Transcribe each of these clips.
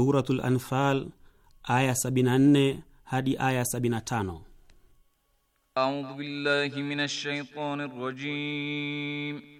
Suratul Anfal aya 74 hadi aya 75. A'udhu billahi minash shaitani rajim.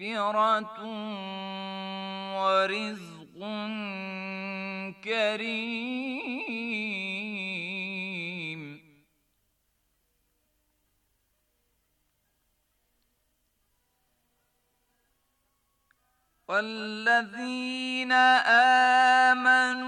مغفرة ورزق كريم والذين آمنوا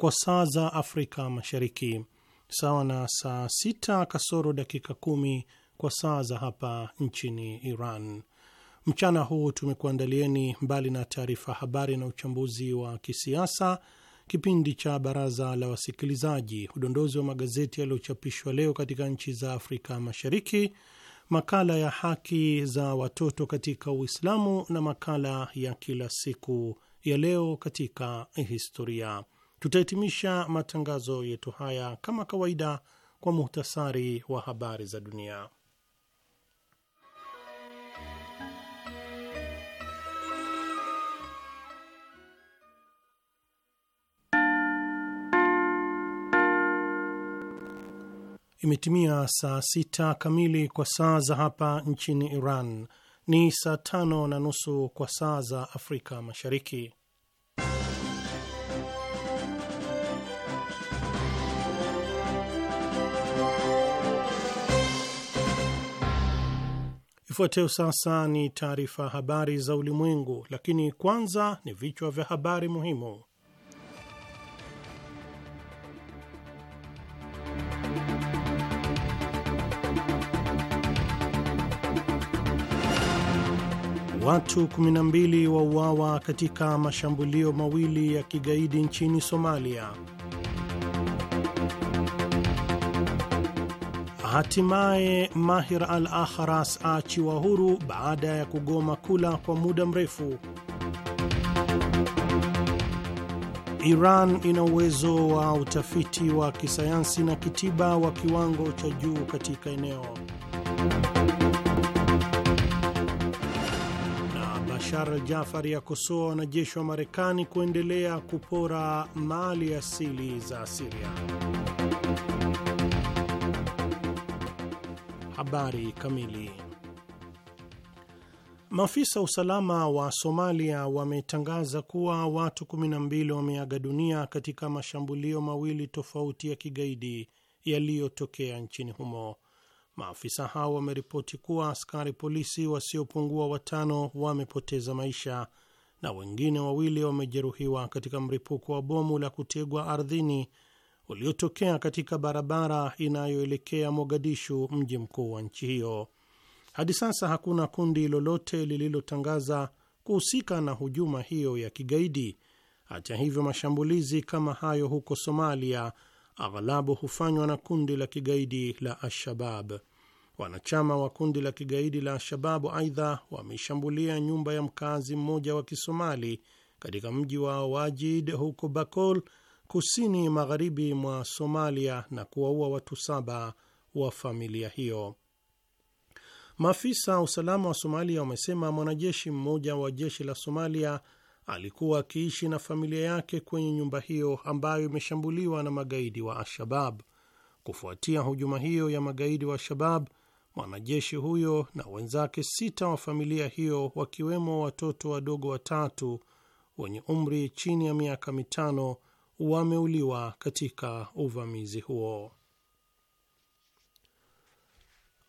kwa saa za Afrika Mashariki, sawa na saa sita kasoro dakika kumi kwa saa za hapa nchini Iran. Mchana huu tumekuandalieni, mbali na taarifa habari na uchambuzi wa kisiasa, kipindi cha baraza la wasikilizaji, udondozi wa magazeti yaliyochapishwa leo katika nchi za Afrika Mashariki, makala ya haki za watoto katika Uislamu na makala ya kila siku ya leo katika historia. Tutahitimisha matangazo yetu haya kama kawaida kwa muhtasari wa habari za dunia. Imetimia saa sita kamili kwa saa za hapa nchini Iran, ni saa tano na nusu kwa saa za Afrika Mashariki. Ifuatayo sasa ni taarifa habari za ulimwengu, lakini kwanza ni vichwa vya habari muhimu. Watu 12 wauawa katika mashambulio mawili ya kigaidi nchini Somalia. Hatimaye Mahir Al Akhras aachiwa huru baada ya kugoma kula kwa muda mrefu. Iran ina uwezo wa utafiti wa kisayansi na kitiba wa kiwango cha juu katika eneo. Na Bashar Al Jafari akosoa wanajeshi wa Marekani kuendelea kupora mali asili za Siria. Habari kamili. Maafisa usalama wa Somalia wametangaza kuwa watu 12 wameaga dunia katika mashambulio mawili tofauti ya kigaidi yaliyotokea nchini humo. Maafisa hao wameripoti kuwa askari polisi wasiopungua watano wamepoteza maisha na wengine wawili wamejeruhiwa katika mripuko wa bomu la kutegwa ardhini uliotokea katika barabara inayoelekea Mogadishu, mji mkuu wa nchi hiyo. Hadi sasa hakuna kundi lolote lililotangaza kuhusika na hujuma hiyo ya kigaidi. Hata hivyo, mashambulizi kama hayo huko Somalia aghalabu hufanywa na kundi la kigaidi la Alshabab. Wanachama wa kundi la kigaidi la Alshababu aidha wameshambulia nyumba ya mkazi mmoja wa Kisomali katika mji wa Wajid huko Bakol kusini magharibi mwa Somalia na kuwaua watu saba wa familia hiyo. Maafisa wa usalama wa Somalia wamesema mwanajeshi mmoja wa jeshi la Somalia alikuwa akiishi na familia yake kwenye nyumba hiyo ambayo imeshambuliwa na magaidi wa Al-Shabab. Kufuatia hujuma hiyo ya magaidi wa Al-Shabab, mwanajeshi huyo na wenzake sita wa familia hiyo, wakiwemo watoto wadogo watatu wenye umri chini ya miaka mitano wameuliwa katika uvamizi huo.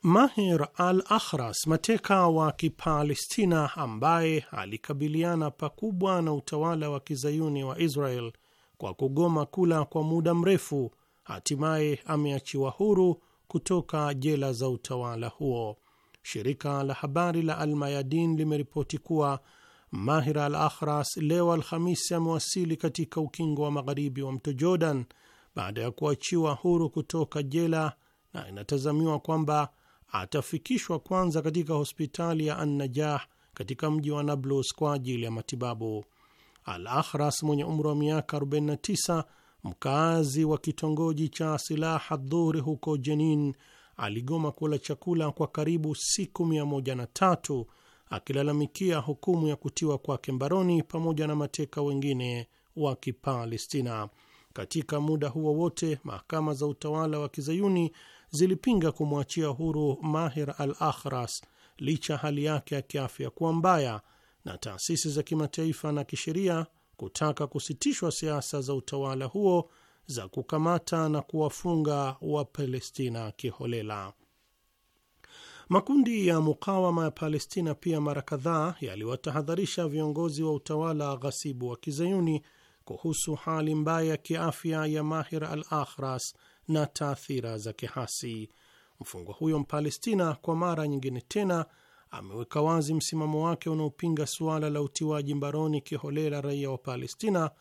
Maher al ahras mateka wa Kipalestina ambaye alikabiliana pakubwa na utawala wa kizayuni wa Israel kwa kugoma kula kwa muda mrefu, hatimaye ameachiwa huru kutoka jela za utawala huo. Shirika la habari la Almayadin limeripoti kuwa Mahir Al Akhras leo Alhamisi amewasili katika ukingo wa magharibi wa mto Jordan baada ya kuachiwa huru kutoka jela na inatazamiwa kwamba atafikishwa kwanza katika hospitali ya Annajah katika mji wa Nablus kwa ajili ya matibabu. Al Akhras mwenye umri wa miaka 49 mkazi wa kitongoji cha Silaha Dhuri huko Jenin aligoma kula chakula kwa karibu siku 103 akilalamikia hukumu ya kutiwa kwake mbaroni pamoja na mateka wengine wa Kipalestina. Katika muda huo wote, mahakama za utawala wa kizayuni zilipinga kumwachia huru Maher al Ahras licha hali yake ya kiafya kuwa mbaya na taasisi za kimataifa na kisheria kutaka kusitishwa siasa za utawala huo za kukamata na kuwafunga Wapalestina kiholela. Makundi ya mukawama ya Palestina pia mara kadhaa yaliwatahadharisha viongozi wa utawala ghasibu wa kizayuni kuhusu hali mbaya ya kiafya ya Mahir al Akhras na taathira za kihasi. Mfungwa huyo Mpalestina kwa mara nyingine tena ameweka wazi msimamo wake unaopinga suala la utiwaji mbaroni kiholela raia wa Palestina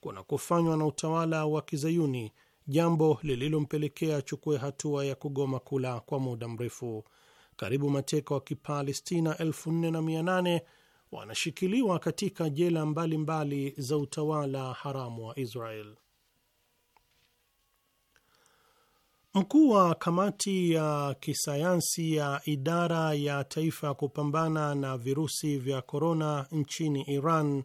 kuna kufanywa na utawala wa kizayuni, jambo lililompelekea achukue hatua ya kugoma kula kwa muda mrefu karibu mateka wa Kipalestina 4800 wanashikiliwa katika jela mbalimbali mbali za utawala haramu wa Israel. Mkuu wa kamati ya kisayansi ya idara ya taifa ya kupambana na virusi vya korona nchini Iran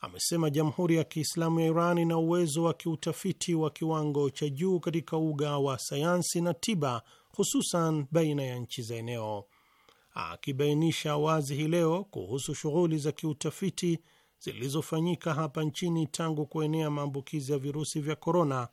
amesema Jamhuri ya Kiislamu ya Iran ina uwezo wa kiutafiti wa kiwango cha juu katika uga wa sayansi na tiba hususan baina ya nchi za eneo, akibainisha wazi hii leo kuhusu shughuli za kiutafiti zilizofanyika hapa nchini tangu kuenea maambukizi ya virusi vya korona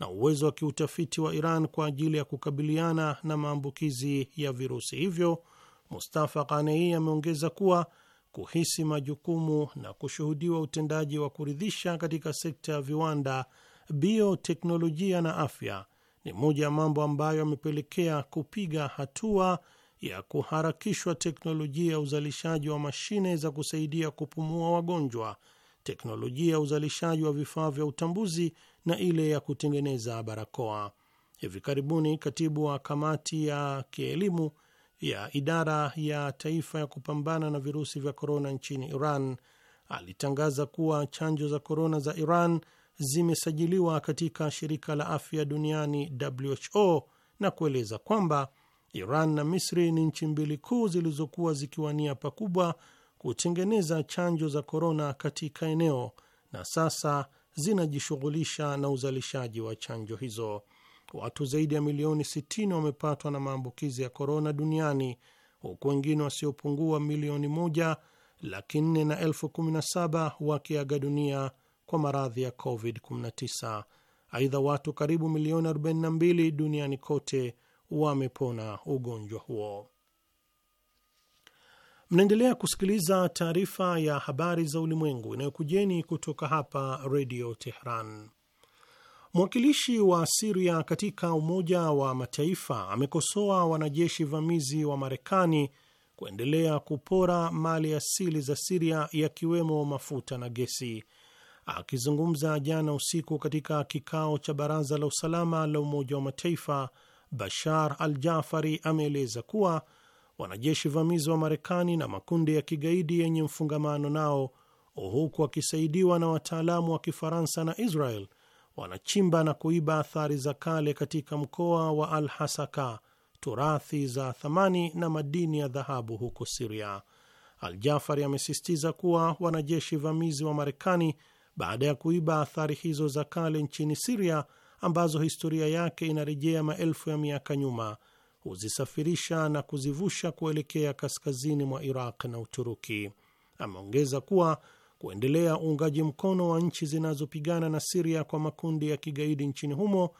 na uwezo wa kiutafiti wa Iran kwa ajili ya kukabiliana na maambukizi ya virusi hivyo, Mustafa Kanei ameongeza kuwa kuhisi majukumu na kushuhudiwa utendaji wa kuridhisha katika sekta ya viwanda, bioteknolojia na afya ni moja ya mambo ambayo yamepelekea kupiga hatua ya kuharakishwa teknolojia ya uzalishaji wa mashine za kusaidia kupumua wagonjwa, teknolojia ya uzalishaji wa vifaa vya utambuzi na ile ya kutengeneza barakoa. Hivi karibuni katibu wa kamati ya kielimu ya idara ya taifa ya kupambana na virusi vya korona nchini Iran alitangaza kuwa chanjo za korona za Iran zimesajiliwa katika shirika la afya duniani WHO na kueleza kwamba Iran na Misri ni nchi mbili kuu zilizokuwa zikiwania pakubwa kutengeneza chanjo za korona katika eneo na sasa zinajishughulisha na uzalishaji wa chanjo hizo. Watu zaidi ya milioni 60 wamepatwa na maambukizi ya korona duniani huku wengine wasiopungua milioni moja laki nne na elfu kumi na saba wakiaga dunia kwa maradhi ya COVID-19. Aidha, watu karibu milioni 42 duniani kote wamepona ugonjwa huo. Mnaendelea kusikiliza taarifa ya habari za ulimwengu inayokujeni kutoka hapa Redio Tehran. Mwakilishi wa Siria katika Umoja wa Mataifa amekosoa wanajeshi vamizi wa Marekani kuendelea kupora mali asili za Siria, yakiwemo mafuta na gesi. Akizungumza jana usiku katika kikao cha baraza la usalama la Umoja wa Mataifa, Bashar al Jafari ameeleza kuwa wanajeshi vamizi wa Marekani na makundi ya kigaidi yenye mfungamano nao, huku wakisaidiwa na wataalamu wa Kifaransa na Israel, wanachimba na kuiba athari za kale katika mkoa wa al Hasaka, turathi za thamani na madini ya dhahabu huko Siria. Al Jafari amesisitiza kuwa wanajeshi vamizi wa Marekani baada ya kuiba athari hizo za kale nchini Siria ambazo historia yake inarejea maelfu ya miaka nyuma, huzisafirisha na kuzivusha kuelekea kaskazini mwa Iraq na Uturuki. Ameongeza kuwa kuendelea uungaji mkono wa nchi zinazopigana na Siria kwa makundi ya kigaidi nchini humo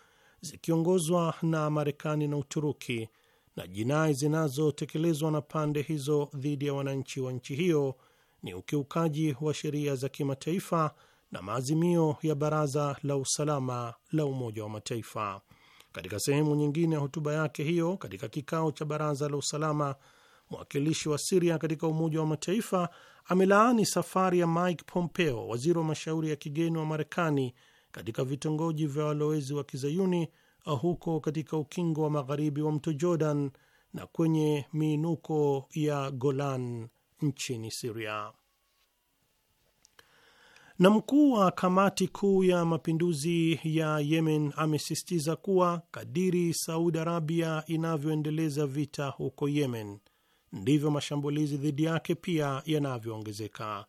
zikiongozwa na Marekani na Uturuki na jinai zinazotekelezwa na pande hizo dhidi ya wananchi wa nchi hiyo ni ukiukaji wa sheria za kimataifa na maazimio ya Baraza la Usalama la Umoja wa Mataifa. Katika sehemu nyingine ya hotuba yake hiyo katika kikao cha Baraza la Usalama, mwakilishi wa Siria katika Umoja wa Mataifa amelaani safari ya Mike Pompeo, waziri wa mashauri ya kigeni wa Marekani, katika vitongoji vya walowezi wa kizayuni uh, huko katika ukingo wa magharibi wa mto Jordan na kwenye miinuko ya Golan nchini Siria. Na mkuu wa kamati kuu ya mapinduzi ya Yemen amesisitiza kuwa kadiri Saudi Arabia inavyoendeleza vita huko Yemen, ndivyo mashambulizi dhidi yake pia yanavyoongezeka.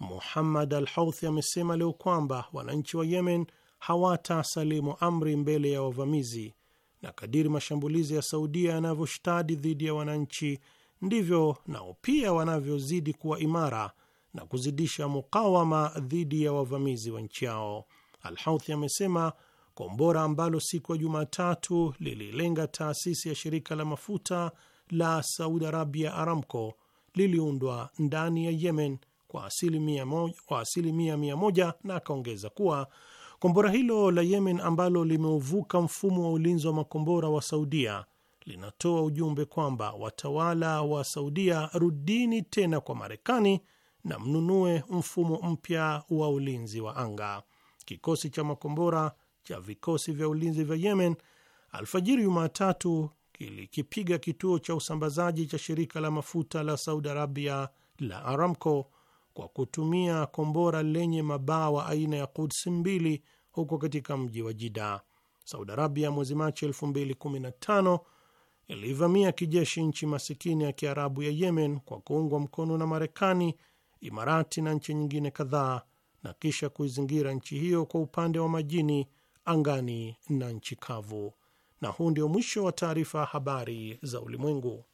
Muhammad Al Houthi amesema leo kwamba wananchi wa Yemen hawatasalimu amri mbele ya wavamizi, na kadiri mashambulizi ya Saudia yanavyoshtadi dhidi ya wananchi, ndivyo nao pia wanavyozidi kuwa imara na kuzidisha mukawama dhidi ya wavamizi wa nchi yao. Alhouthi amesema kombora ambalo siku ya Jumatatu lililenga taasisi ya shirika la mafuta la Saudi Arabia, Aramco, liliundwa ndani ya Yemen kwa asilimia mia moja, na akaongeza kuwa kombora hilo la Yemen ambalo limeuvuka mfumo wa ulinzi wa makombora wa Saudia linatoa ujumbe kwamba watawala wa Saudia, rudini tena kwa Marekani na mnunue mfumo mpya wa ulinzi wa anga. Kikosi cha makombora cha vikosi vya ulinzi vya Yemen alfajiri Jumatatu kilikipiga kituo cha usambazaji cha shirika la mafuta la Saudi Arabia la Aramco kwa kutumia kombora lenye mabawa aina ya Quds mbili huko katika mji wa Jida. Saudi Arabia mwezi Machi 2015 ilivamia kijeshi nchi masikini ya Kiarabu ya Yemen kwa kuungwa mkono na Marekani Imarati na nchi nyingine kadhaa na kisha kuizingira nchi hiyo kwa upande wa majini, angani na nchi kavu. Na huu ndio mwisho wa taarifa habari za ulimwengu.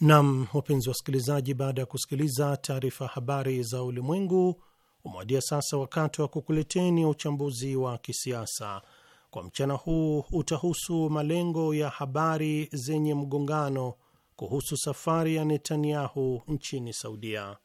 Nam, wapenzi wasikilizaji, baada ya kusikiliza taarifa habari za ulimwengu, umewadia sasa wakati wa kukuleteni uchambuzi wa kisiasa kwa mchana huu. Utahusu malengo ya habari zenye mgongano kuhusu safari ya Netanyahu nchini Saudia.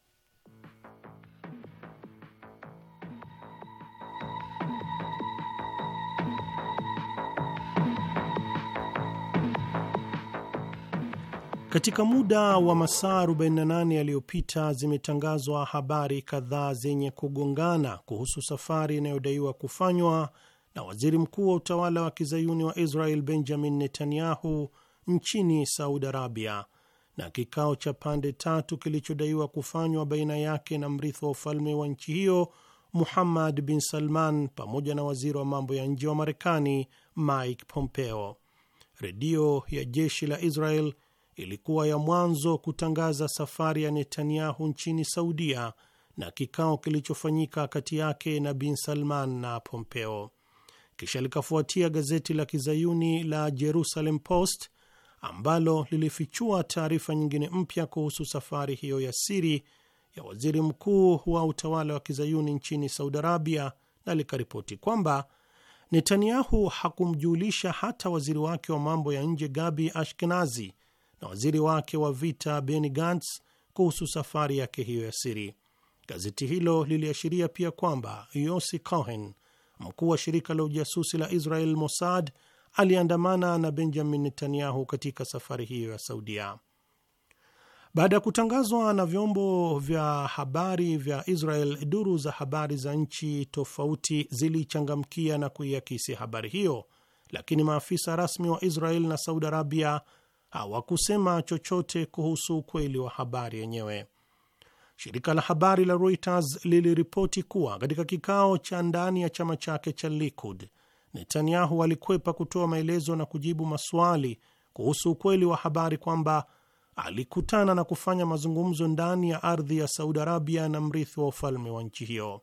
Katika muda wa masaa 48 yaliyopita zimetangazwa habari kadhaa zenye kugongana kuhusu safari inayodaiwa kufanywa na waziri mkuu wa utawala wa kizayuni wa Israel Benjamin Netanyahu nchini Saudi Arabia na kikao cha pande tatu kilichodaiwa kufanywa baina yake na mrithi wa ufalme wa nchi hiyo Muhammad bin Salman pamoja na waziri wa mambo ya nje wa Marekani Mike Pompeo. Redio ya jeshi la Israel ilikuwa ya mwanzo kutangaza safari ya Netanyahu nchini Saudia na kikao kilichofanyika kati yake na bin Salman na Pompeo. Kisha likafuatia gazeti la kizayuni la Jerusalem Post ambalo lilifichua taarifa nyingine mpya kuhusu safari hiyo ya siri ya waziri mkuu wa utawala wa kizayuni nchini Saudi Arabia, na likaripoti kwamba Netanyahu hakumjulisha hata waziri wake wa mambo ya nje Gabi Ashkenazi na waziri wake wa vita Benny Gantz kuhusu safari yake hiyo ya siri. Gazeti hilo liliashiria pia kwamba Yossi Cohen, mkuu wa shirika la ujasusi la Israel Mossad, aliandamana na Benjamin Netanyahu katika safari hiyo ya Saudia. Baada ya kutangazwa na vyombo vya habari vya Israel, duru za habari za nchi tofauti zilichangamkia na kuiakisi habari hiyo, lakini maafisa rasmi wa Israel na Saudi Arabia hawakusema chochote kuhusu ukweli wa habari yenyewe. Shirika la habari la Reuters liliripoti kuwa katika kikao cha ndani ya chama chake cha Likud, Netanyahu alikwepa kutoa maelezo na kujibu maswali kuhusu ukweli wa habari kwamba alikutana na kufanya mazungumzo ndani ya ardhi ya Saudi Arabia na mrithi wa ufalme wa nchi hiyo.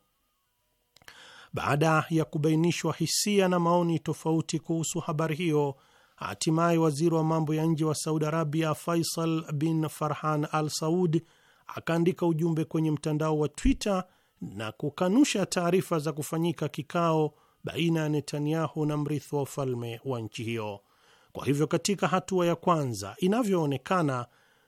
Baada ya kubainishwa hisia na maoni tofauti kuhusu habari hiyo, Hatimaye waziri wa mambo ya nje wa Saudi Arabia Faisal bin Farhan Al Saud akaandika ujumbe kwenye mtandao wa Twitter na kukanusha taarifa za kufanyika kikao baina ya Netanyahu na mrithi wa ufalme wa nchi hiyo. Kwa hivyo, katika hatua ya kwanza, inavyoonekana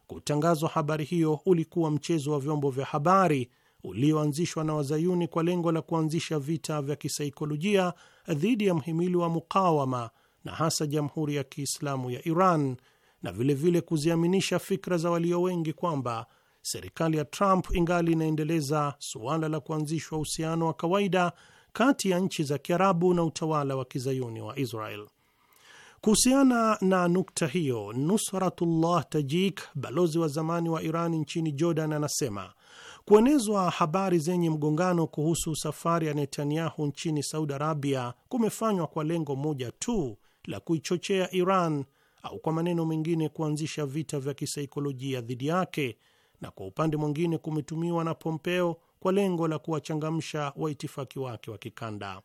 kutangazwa habari hiyo ulikuwa mchezo wa vyombo vya habari ulioanzishwa na wazayuni kwa lengo la kuanzisha vita vya kisaikolojia dhidi ya mhimili wa mukawama na hasa Jamhuri ya Kiislamu ya Iran na vilevile vile kuziaminisha fikra za walio wengi kwamba serikali ya Trump ingali inaendeleza suala la kuanzishwa uhusiano wa kawaida kati ya nchi za Kiarabu na utawala wa kizayuni wa Israel. Kuhusiana na nukta hiyo, Nusratullah Tajik, balozi wa zamani wa Iran nchini Jordan, anasema kuenezwa habari zenye mgongano kuhusu safari ya Netanyahu nchini Saudi Arabia kumefanywa kwa lengo moja tu la kuichochea Iran au kwa maneno mengine kuanzisha vita vya kisaikolojia dhidi yake, na kwa upande mwingine kumetumiwa na Pompeo kwa lengo la kuwachangamsha waitifaki wake wa kikanda.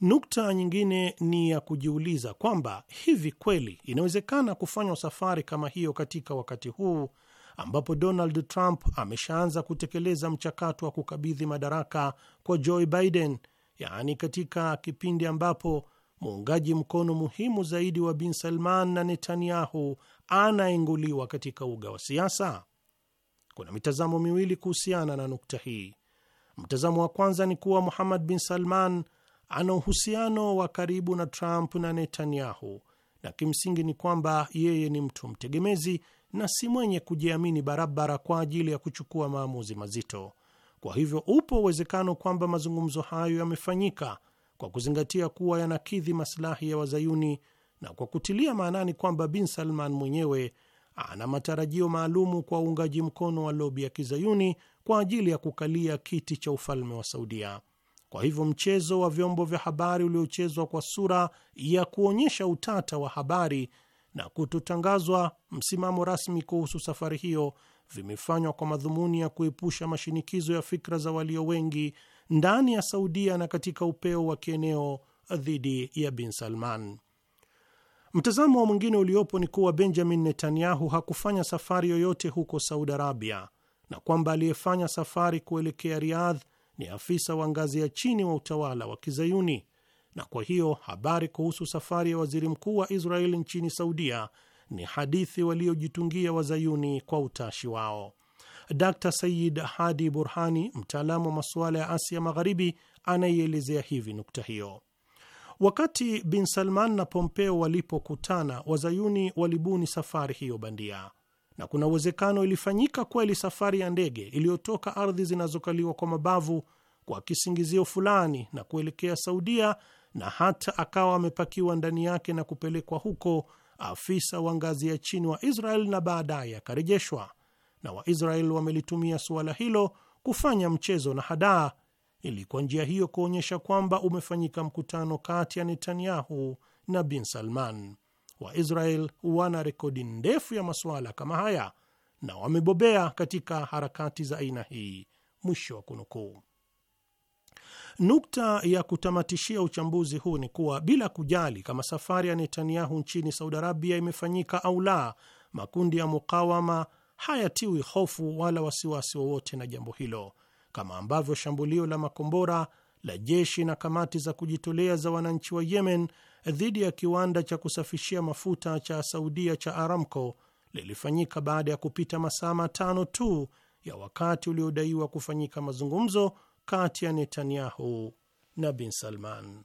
Nukta nyingine ni ya kujiuliza kwamba hivi kweli inawezekana kufanywa safari kama hiyo katika wakati huu ambapo Donald Trump ameshaanza kutekeleza mchakato wa kukabidhi madaraka kwa Joe Biden, yaani katika kipindi ambapo muungaji mkono muhimu zaidi wa bin Salman na Netanyahu anaenguliwa katika uga wa siasa? Kuna mitazamo miwili kuhusiana na nukta hii. Mtazamo wa kwanza ni kuwa Muhammad bin Salman ana uhusiano wa karibu na Trump na Netanyahu, na kimsingi ni kwamba yeye ni mtu mtegemezi na si mwenye kujiamini barabara kwa ajili ya kuchukua maamuzi mazito. Kwa hivyo upo uwezekano kwamba mazungumzo hayo yamefanyika kwa kuzingatia kuwa yanakidhi masilahi ya Wazayuni na kwa kutilia maanani kwamba Bin Salman mwenyewe ana matarajio maalumu kwa uungaji mkono wa lobi ya Kizayuni kwa ajili ya kukalia kiti cha ufalme wa Saudia. Kwa hivyo mchezo wa vyombo vya habari uliochezwa kwa sura ya kuonyesha utata wa habari na kutotangazwa msimamo rasmi kuhusu safari hiyo vimefanywa kwa madhumuni ya kuepusha mashinikizo ya fikra za walio wengi ndani ya Saudia na katika upeo wa kieneo dhidi ya bin Salman. Mtazamo mwingine uliopo ni kuwa Benjamin Netanyahu hakufanya safari yoyote huko Saudi Arabia na kwamba aliyefanya safari kuelekea Riyadh ni afisa wa ngazi ya chini wa utawala wa Kizayuni, na kwa hiyo habari kuhusu safari ya waziri mkuu wa Israeli nchini Saudia ni hadithi waliojitungia Wazayuni kwa utashi wao. Dr Sayid Hadi Burhani, mtaalamu wa masuala ya Asia Magharibi, anaielezea hivi nukta hiyo. Wakati Bin Salman na Pompeo walipokutana, wazayuni walibuni safari hiyo bandia, na kuna uwezekano ilifanyika kweli safari ya ndege iliyotoka ardhi zinazokaliwa kwa mabavu kwa kisingizio fulani na kuelekea Saudia, na hata akawa amepakiwa ndani yake na kupelekwa huko afisa wa ngazi ya chini wa Israel na baadaye akarejeshwa na Waisrael wamelitumia suala hilo kufanya mchezo na hadaa, ili kwa njia hiyo kuonyesha kwamba umefanyika mkutano kati ya Netanyahu na bin Salman. waisrael wana rekodi ndefu ya masuala kama haya na wamebobea katika harakati za aina hii. Mwisho wa kunukuu. Nukta ya kutamatishia uchambuzi huu ni kuwa bila kujali kama safari ya Netanyahu nchini Saudi Arabia imefanyika au la, makundi ya mukawama hayatiwi hofu wala wasiwasi wowote na jambo hilo, kama ambavyo shambulio la makombora la jeshi na kamati za kujitolea za wananchi wa Yemen dhidi ya kiwanda cha kusafishia mafuta cha Saudia cha Aramco lilifanyika baada ya kupita masaa matano tu ya wakati uliodaiwa kufanyika mazungumzo kati ya Netanyahu na Bin Salman.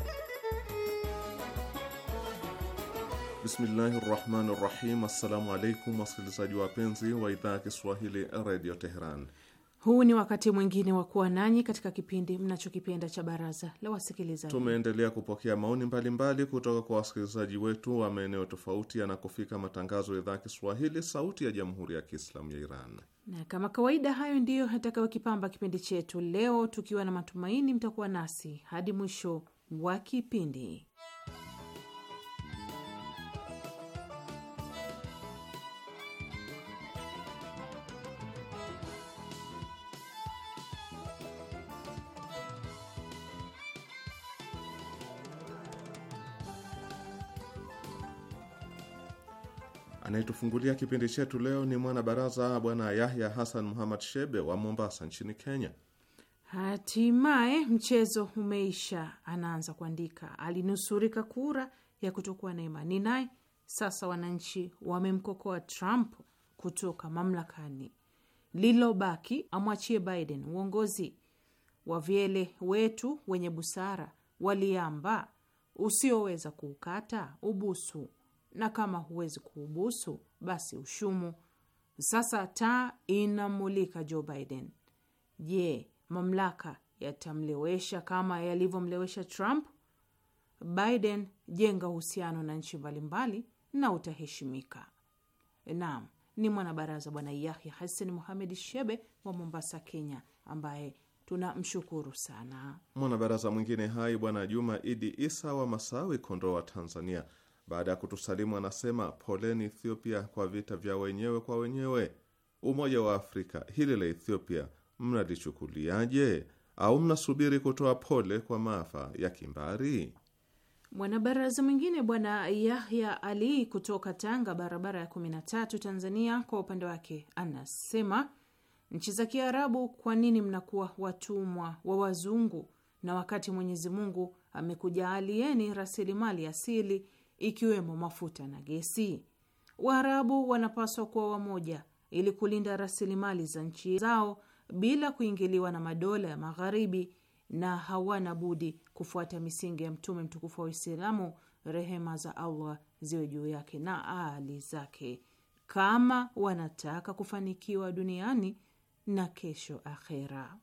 Bismillahi rahmani rahim. Assalamu alaikum wasikilizaji wapenzi wa idhaa ya Kiswahili Radio Teheran. Huu ni wakati mwingine wa kuwa nanyi katika kipindi mnachokipenda cha baraza la wasikilizaji. Tumeendelea kupokea maoni mbalimbali mbali kutoka kwa wasikilizaji wetu wa maeneo tofauti yanakofika matangazo ya idhaa ya Kiswahili sauti ya jamhuri ya Kiislamu ya Iran, na kama kawaida, hayo ndiyo yatakayokipamba kipindi chetu leo, tukiwa na matumaini mtakuwa nasi hadi mwisho wa kipindi. Anayetufungulia kipindi chetu leo ni mwanabaraza Bwana Yahya Hassan Muhammad Shebe wa Mombasa nchini Kenya. Hatimaye mchezo umeisha, anaanza kuandika. Alinusurika kura ya kutokuwa na imani naye. Sasa wananchi wamemkokoa Trump kutoka mamlakani, lilobaki amwachie Biden uongozi. Wavyele wetu wenye busara waliamba, usioweza kuukata ubusu na kama huwezi kuubusu basi ushumu. Sasa taa inamulika Joe Biden. Je, mamlaka yatamlewesha kama yalivyomlewesha Trump? Biden, jenga uhusiano na nchi mbalimbali na utaheshimika. Naam, ni mwanabaraza Bwana Yahya Hassan Muhamed Shebe wa Mombasa, Kenya, ambaye tunamshukuru sana. Mwanabaraza mwingine hai Bwana Juma Idi Isa wa Masawi, Kondoa, Tanzania, baada ya kutusalimu anasema poleni Ethiopia kwa vita vya wenyewe kwa wenyewe. Umoja wa Afrika, hili la Ethiopia mnalichukuliaje? Au mnasubiri kutoa pole kwa maafa ya kimbari? Mwanabaraza mwingine Bwana Yahya Ali kutoka Tanga, barabara ya 13, Tanzania, kwa upande wake anasema nchi za Kiarabu, kwa nini mnakuwa watumwa wa wazungu na wakati Mwenyezi Mungu amekujaalieni rasilimali asili ikiwemo mafuta na gesi. Waarabu wanapaswa kuwa wamoja ili kulinda rasilimali za nchi zao bila kuingiliwa na madola ya Magharibi, na hawana budi kufuata misingi ya Mtume mtukufu wa Uislamu, rehema za Allah ziwe juu yake na aali zake, kama wanataka kufanikiwa duniani na kesho akhera.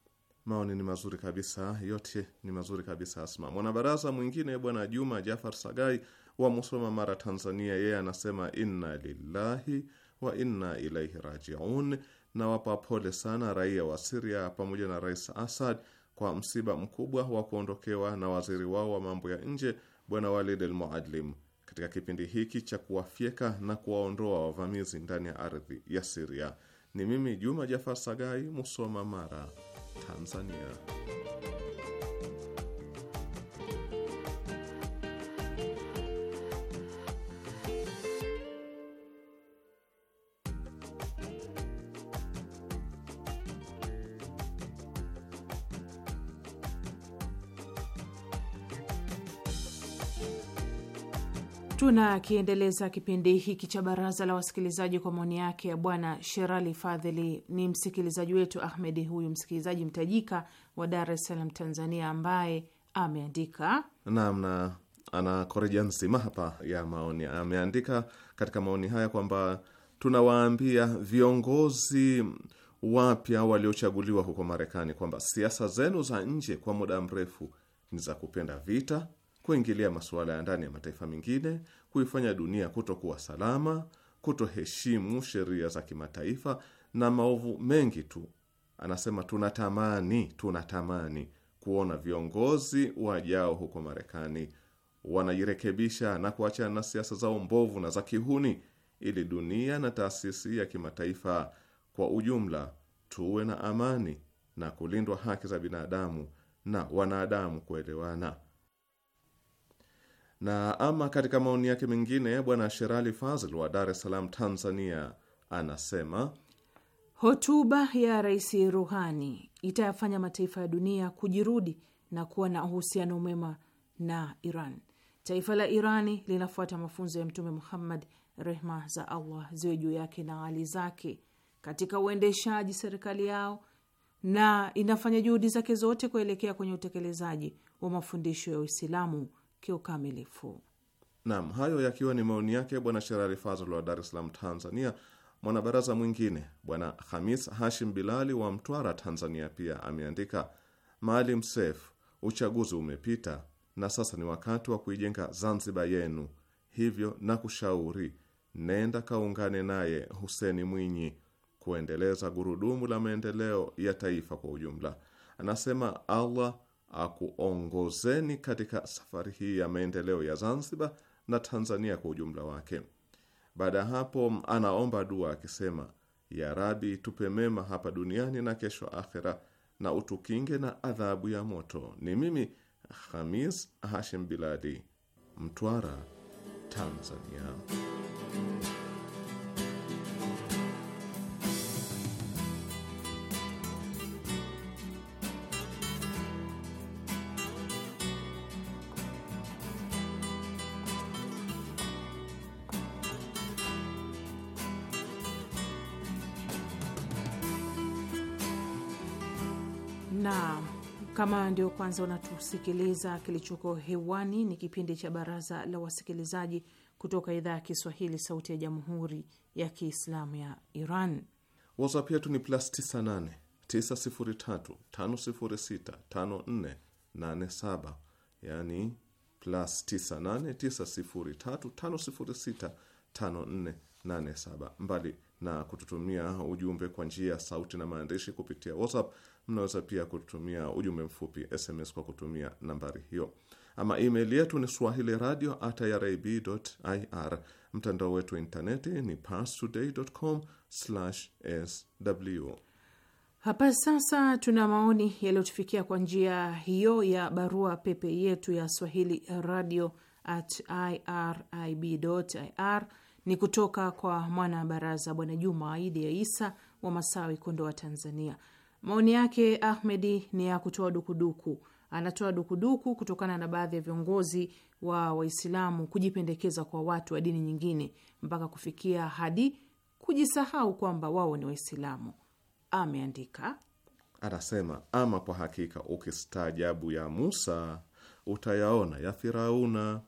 Maoni ni mazuri kabisa, yote ni mazuri kabisa. Asma mwanabaraza mwingine bwana Juma Jafar Sagai wa Musoma, Mara, Tanzania, yeye anasema inna lillahi wa inna ilaihi rajiun. Na wapa pole sana raia wa Siria pamoja na Rais Assad kwa msiba mkubwa wa kuondokewa na waziri wao wa mambo ya nje Bwana Walid al Muadlim katika kipindi hiki cha kuwafyeka na kuwaondoa wavamizi ndani ya ardhi ya Siria. Ni mimi Juma Jafar Sagai, Musoma, Mara, Tanzania. Tunakiendeleza kipindi hiki cha baraza la wasikilizaji kwa maoni yake ya bwana Sherali Fadhili, ni msikilizaji wetu Ahmedi, huyu msikilizaji mtajika wa Dar es Salaam, Tanzania, ambaye ameandika namna na ana koreja nzima hapa ya maoni. Ameandika katika maoni haya kwamba tunawaambia viongozi wapya waliochaguliwa huko Marekani kwamba siasa zenu za nje kwa muda mrefu ni za kupenda vita kuingilia masuala ya ndani ya mataifa mengine, kuifanya dunia kutokuwa salama, kutoheshimu sheria za kimataifa na maovu mengi tu. Anasema tunatamani, tunatamani kuona viongozi wajao huko Marekani wanajirekebisha na kuachana na siasa zao mbovu na za kihuni, ili dunia na taasisi ya kimataifa kwa ujumla tuwe na amani na kulindwa haki za binadamu na wanadamu kuelewana. Na ama katika maoni yake mengine, bwana Sherali Fazl wa Dar es Salaam, Tanzania, anasema hotuba ya Rais Ruhani itayafanya mataifa ya dunia kujirudi na kuwa na uhusiano mwema na Iran. Taifa la Irani linafuata mafunzo ya Mtume Muhammad, rehma za Allah ziwe juu yake na hali zake, katika uendeshaji serikali yao, na inafanya juhudi zake zote kuelekea kwenye utekelezaji wa mafundisho ya Uislamu kiukamilifu. Naam, hayo yakiwa ni maoni yake Bwana Sherari Fazl wa Dar es Salaam, Tanzania. Mwanabaraza mwingine Bwana Hamis Hashim Bilali wa Mtwara, Tanzania, pia ameandika Maalim sef uchaguzi umepita na sasa ni wakati wa kuijenga Zanzibar yenu, hivyo na kushauri nenda kaungane naye Huseni Mwinyi kuendeleza gurudumu la maendeleo ya taifa kwa ujumla. Anasema Allah akuongozeni katika safari hii ya maendeleo ya Zanzibar na Tanzania kwa ujumla wake. Baada ya hapo, anaomba dua akisema, ya Rabi, tupe mema hapa duniani na kesho akhera, na utukinge na adhabu ya moto. Ni mimi Khamis Hashim Biladi, Mtwara, Tanzania. Kama ndio kwanza unatusikiliza, kilichoko hewani ni kipindi cha Baraza la Wasikilizaji kutoka idhaa ya Kiswahili, Sauti ya Jamhuri ya Kiislamu ya Iran. WhatsApp yetu ni plus 98 903 yani plus 98 Mbali na kututumia ujumbe kwa njia ya sauti na maandishi kupitia WhatsApp Mnaweza pia kutumia ujumbe mfupi SMS kwa kutumia nambari hiyo. Ama email yetu ni swahili radio at irib ir. Mtandao wetu wa intaneti ni pastodaycom sw. Hapa sasa tuna maoni yaliyotufikia kwa njia hiyo ya barua pepe yetu ya swahili radio at irib ir ni kutoka kwa mwana baraza Bwana Juma Aidi ya Isa wa Masawi, Kondoa, Tanzania. Maoni yake Ahmedi ni ya kutoa dukuduku. Anatoa dukuduku kutokana na baadhi ya viongozi wa Waislamu kujipendekeza kwa watu wa dini nyingine mpaka kufikia hadi kujisahau kwamba wao ni Waislamu. Ameandika, anasema: ama kwa hakika ukistaajabu ya Musa utayaona ya Firauna.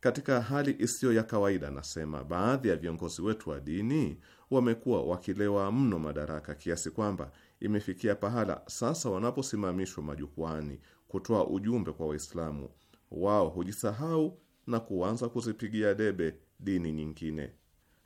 Katika hali isiyo ya kawaida, anasema baadhi ya viongozi wetu wa dini wamekuwa wakilewa mno madaraka kiasi kwamba imefikia pahala sasa wanaposimamishwa majukwani kutoa ujumbe kwa Waislamu, wao hujisahau na kuanza kuzipigia debe dini nyingine.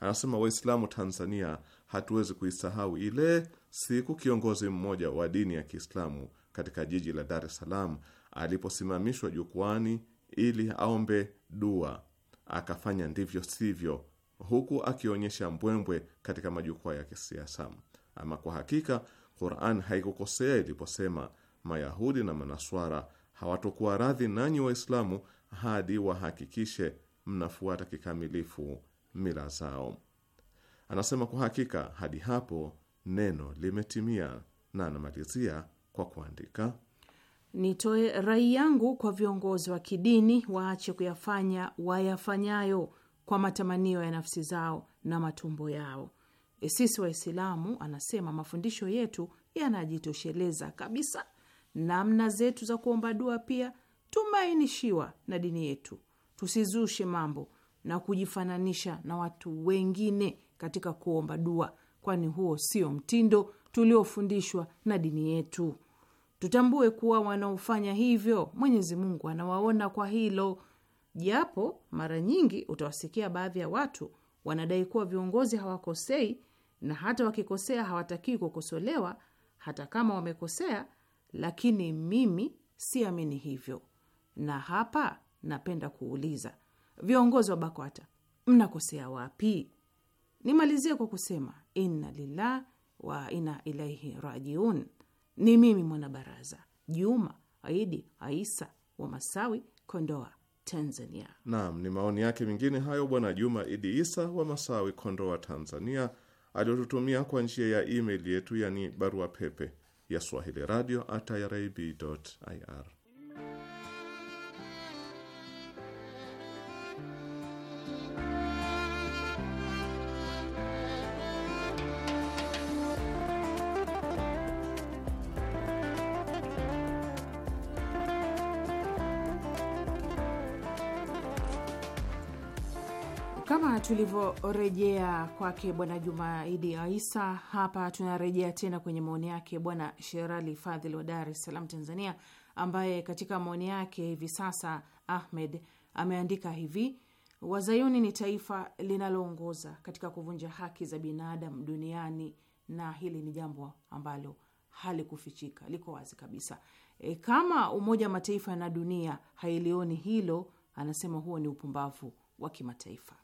Anasema Waislamu Tanzania hatuwezi kuisahau ile siku kiongozi mmoja wa dini ya Kiislamu katika jiji la Dar es Salaam aliposimamishwa jukwani ili aombe dua, akafanya ndivyo sivyo, huku akionyesha mbwembwe katika majukwaa ya kisiasa. Ama kwa hakika Quran haikukosea iliposema Mayahudi na Manaswara hawatokuwa radhi nanyi Waislamu hadi wahakikishe mnafuata kikamilifu mila zao. Anasema kwa hakika hadi hapo neno limetimia, na anamalizia kwa kuandika, nitoe rai yangu kwa viongozi wa kidini waache kuyafanya wayafanyayo kwa matamanio ya nafsi zao na matumbo yao E sisi Waislamu, anasema mafundisho yetu yanajitosheleza kabisa. Namna zetu za kuomba dua pia tumeainishiwa na dini yetu. Tusizushe mambo na kujifananisha na watu wengine katika kuomba dua, kwani huo sio mtindo tuliofundishwa na dini yetu. Tutambue kuwa wanaofanya hivyo Mwenyezi Mungu anawaona kwa hilo, japo mara nyingi utawasikia baadhi ya watu wanadai kuwa viongozi hawakosei na hata wakikosea hawatakii kukosolewa hata kama wamekosea, lakini mimi siamini hivyo. Na hapa napenda kuuliza viongozi wa BAKWATA, mnakosea wapi? Nimalizie kwa kusema inna lillah wa inna ilaihi rajiun. Ni mimi mwanabaraza Juma Aidi Aisa wa Masawi, Kondoa, Tanzania. Naam, ni maoni yake mengine hayo Bwana Juma Idi Isa wa Masawi, Kondoa, Tanzania aliotutumia kwa njia ya email yetu, yani barua pepe ya swahili radio at irib ir tulivyorejea kwake Bwana Juma Idi Aisa, hapa tunarejea tena kwenye maoni yake Bwana Sherali Fadhil wa Dar es Salaam, Tanzania, ambaye katika maoni yake hivi sasa Ahmed ameandika hivi: Wazayuni ni taifa linaloongoza katika kuvunja haki za binadamu duniani, na hili ni jambo ambalo halikufichika, liko wazi kabisa. E, kama Umoja wa Mataifa na dunia hailioni hilo, anasema huo ni upumbavu wa kimataifa.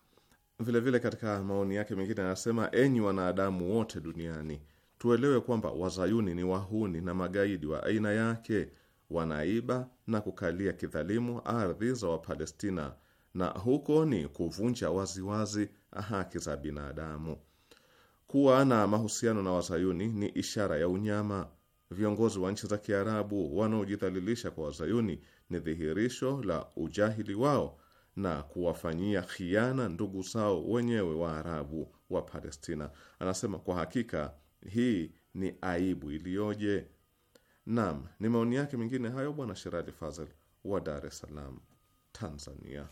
Vilevile vile katika maoni yake mengine anasema, enyi wanadamu wote duniani, tuelewe kwamba wazayuni ni wahuni na magaidi wa aina yake, wanaiba na kukalia kidhalimu ardhi za Wapalestina, na huko ni kuvunja waziwazi haki za binadamu. Kuwa na mahusiano na wazayuni ni ishara ya unyama. Viongozi wa nchi za Kiarabu wanaojidhalilisha kwa wazayuni ni dhihirisho la ujahili wao na kuwafanyia khiana ndugu zao wenyewe Waarabu wa Palestina. Anasema kwa hakika hii ni aibu iliyoje! Naam, ni maoni yake mengine hayo, Bwana Sherali Fazal wa Dar es Salaam, Tanzania.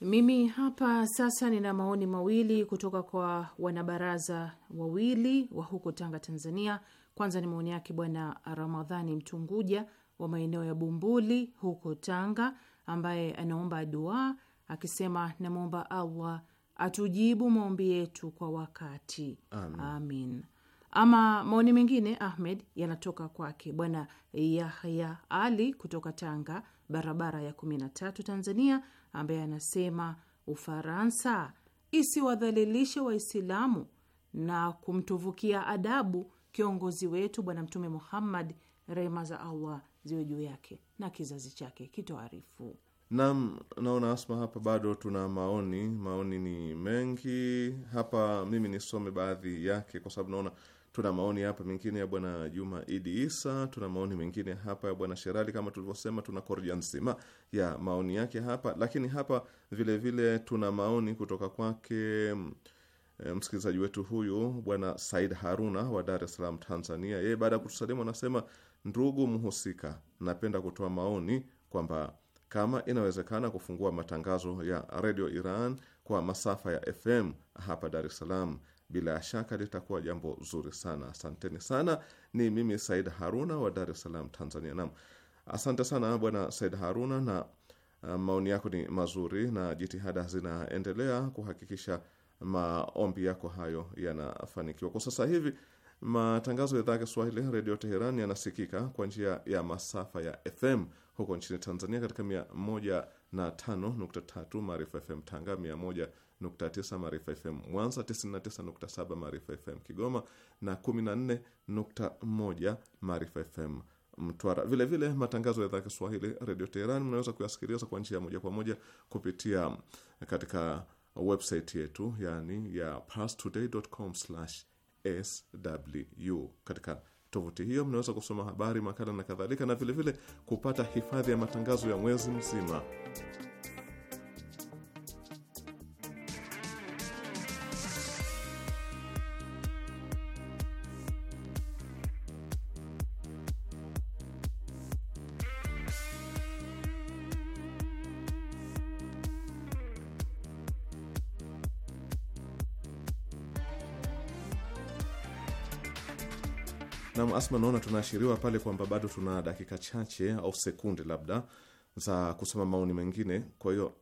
Mimi hapa sasa nina maoni mawili kutoka kwa wanabaraza wawili wa huko Tanga, Tanzania. Kwanza ni maoni yake Bwana Ramadhani Mtunguja wa maeneo ya Bumbuli huko Tanga, ambaye anaomba dua akisema namwomba Allah atujibu maombi yetu kwa wakati amin, amin. Ama maoni mengine Ahmed yanatoka kwake bwana Yahya Ali kutoka Tanga, barabara ya kumi na tatu, Tanzania, ambaye anasema Ufaransa isiwadhalilishe Waislamu na kumtuvukia adabu kiongozi wetu Bwana Mtume Muhammad, rehma za Allah ziwe juu yake na kizazi chake kitoarifu. Naam, naona Asma, hapa bado tuna maoni. Maoni ni mengi hapa, mimi nisome baadhi yake kwa sababu naona tuna maoni hapa mengine ya bwana Juma Idi Isa, tuna maoni mengine hapa ya bwana Sherali. Kama tulivyosema, tuna korja nzima ya maoni yake hapa, lakini hapa vilevile vile tuna maoni kutoka kwake eh, msikilizaji wetu huyu bwana Said Haruna wa Dar es Salaam, Tanzania. Yeye baada ya kutusalimu anasema, ndugu mhusika, napenda kutoa maoni kwamba kama inawezekana kufungua matangazo ya redio Iran kwa masafa ya FM hapa Dar es Salaam, bila shaka litakuwa jambo zuri sana. Asanteni sana. Ni mimi Said Haruna wa Dar es Salaam, Tanzania. Nam, asante sana Bwana Said Haruna, na uh, maoni yako ni mazuri na jitihada zinaendelea kuhakikisha maombi yako hayo yanafanikiwa. Kwa sasa hivi Matangazo ya idhaa ya Kiswahili redio Teheran yanasikika kwa njia ya masafa ya FM huko nchini Tanzania katika 105.3 Maarifa FM Tanga, 101.9 Maarifa FM Mwanza, 99.7 Maarifa FM Kigoma na 14.1 Maarifa FM Mtwara. vilevile vile matangazo ya idhaa ya Kiswahili redio Teheran mnaweza kuyasikiliza kwa njia moja kwa moja kupitia katika website yetu yani ya parstoday.com slash sw. Katika tovuti hiyo mnaweza kusoma habari, makala na kadhalika, na vilevile vile kupata hifadhi ya matangazo ya mwezi mzima. Asma, naona tunaashiriwa pale kwamba bado tuna dakika chache au sekunde labda za kusoma maoni mengine, kwa hiyo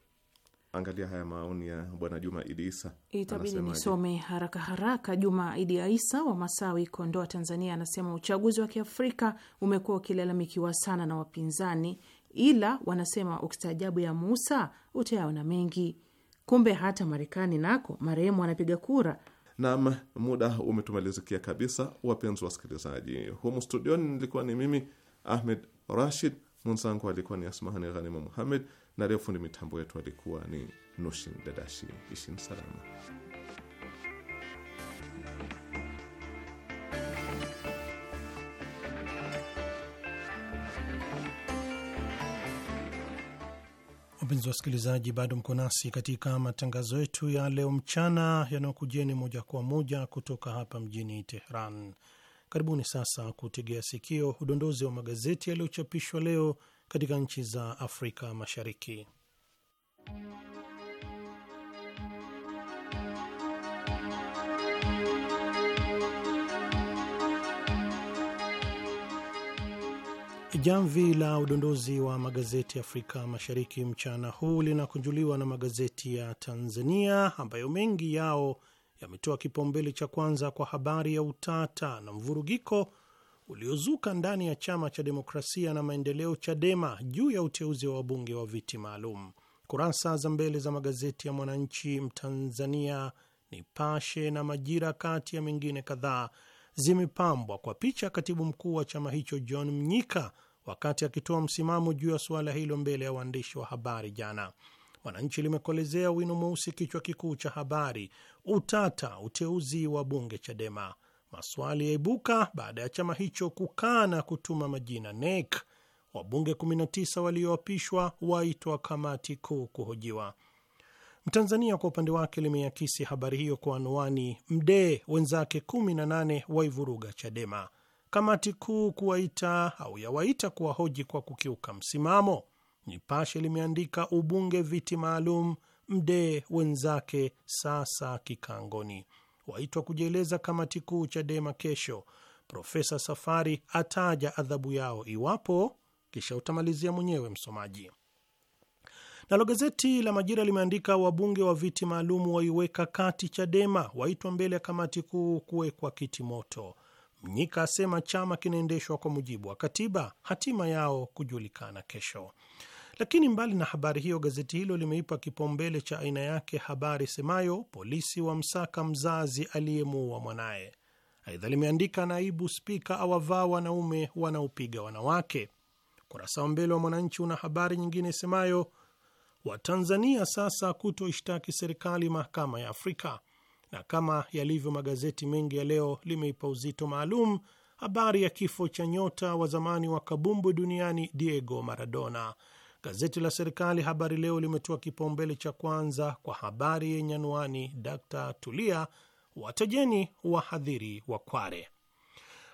Angalia haya maoni ya bwana Juma Idi Isa, itabidi nisome haraka haraka. Juma Idi Isa wa Masawi, Kondoa, Tanzania, anasema uchaguzi wa Kiafrika umekuwa ukilalamikiwa sana na wapinzani, ila wanasema ukistaajabu ya Musa utayaona mengi. Kumbe hata Marekani nako marehemu anapiga kura Naam, muda umetumalizikia kabisa, wapenzi wasikilizaji. Humu studioni nilikuwa ni mimi Ahmed Rashid, mwenzangu alikuwa ni Asmahani Ghanima Muhammed, na refundi mitambo yetu alikuwa ni Nushin Dadashi. Ishin salama. mpenzi wasikilizaji, bado mko nasi katika matangazo yetu ya leo mchana yanayokujeni moja kwa moja kutoka hapa mjini Tehran. Karibuni sasa kutegea sikio udondozi wa magazeti yaliyochapishwa leo katika nchi za Afrika Mashariki. Jamvi la udondozi wa magazeti Afrika Mashariki mchana huu linakunjuliwa na magazeti ya Tanzania ambayo mengi yao yametoa kipaumbele cha kwanza kwa habari ya utata na mvurugiko uliozuka ndani ya Chama cha Demokrasia na Maendeleo, Chadema, juu ya uteuzi wa wabunge wa viti maalum. Kurasa za mbele za magazeti ya Mwananchi, Mtanzania, Nipashe na Majira, kati ya mengine kadhaa, zimepambwa kwa picha katibu mkuu wa chama hicho John Mnyika wakati akitoa msimamo juu ya suala hilo mbele ya waandishi wa habari jana. Mwananchi limekolezea wino mweusi kichwa kikuu cha habari, utata uteuzi wa bunge Chadema, maswali yaibuka baada ya chama hicho kukana kutuma majina NEC, wabunge 19 walioapishwa waitwa kamati kuu kuhojiwa. Mtanzania kwa upande wake limeakisi habari hiyo kwa anwani, Mdee wenzake 18 waivuruga Chadema kamati kuu kuwaita au yawaita kuwahoji kwa kukiuka msimamo. Nipashe limeandika ubunge viti maalum Mdee wenzake sasa kikangoni, waitwa kujieleza kamati kuu Chadema kesho. Profesa Safari ataja adhabu yao iwapo, kisha utamalizia mwenyewe msomaji. Nalo gazeti la Majira limeandika wabunge wa viti maalum waiweka kati Chadema, waitwa mbele ya kamati kuu kuwekwa kiti moto. Mnyika asema chama kinaendeshwa kwa mujibu wa katiba, hatima yao kujulikana kesho. Lakini mbali na habari hiyo, gazeti hilo limeipa kipaumbele cha aina yake habari semayo polisi wamsaka mzazi aliyemuua mwanaye. Aidha limeandika naibu spika awavaa wanaume wanaopiga wanawake. Ukurasa wa mbele wa Mwananchi una habari nyingine semayo Watanzania sasa kutoishtaki serikali mahakama ya Afrika na kama yalivyo magazeti mengi ya leo limeipa uzito maalum habari ya kifo cha nyota wa zamani wa kabumbu duniani Diego Maradona. Gazeti la serikali Habari Leo limetoa kipaumbele cha kwanza kwa habari yenye anwani Dr Tulia watajeni wahadhiri wa Kware.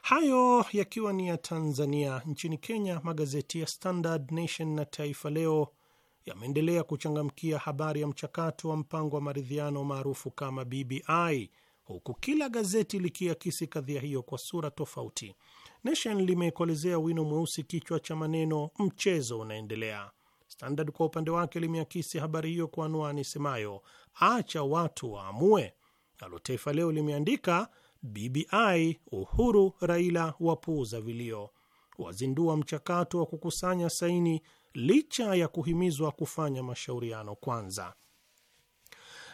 Hayo yakiwa ni ya Tanzania. Nchini Kenya, magazeti ya Standard, Nation na Taifa Leo yameendelea kuchangamkia habari ya mchakato wa mpango wa maridhiano maarufu kama BBI huku kila gazeti likiakisi kadhia hiyo kwa sura tofauti. Nation limekolezea wino mweusi kichwa cha maneno mchezo unaendelea. Standard kwa upande wake limeakisi habari hiyo kwa anwani semayo acha watu waamue. Nalo Taifa Leo limeandika BBI Uhuru Raila wapuuza vilio, wazindua mchakato wa kukusanya saini licha ya kuhimizwa kufanya mashauriano kwanza.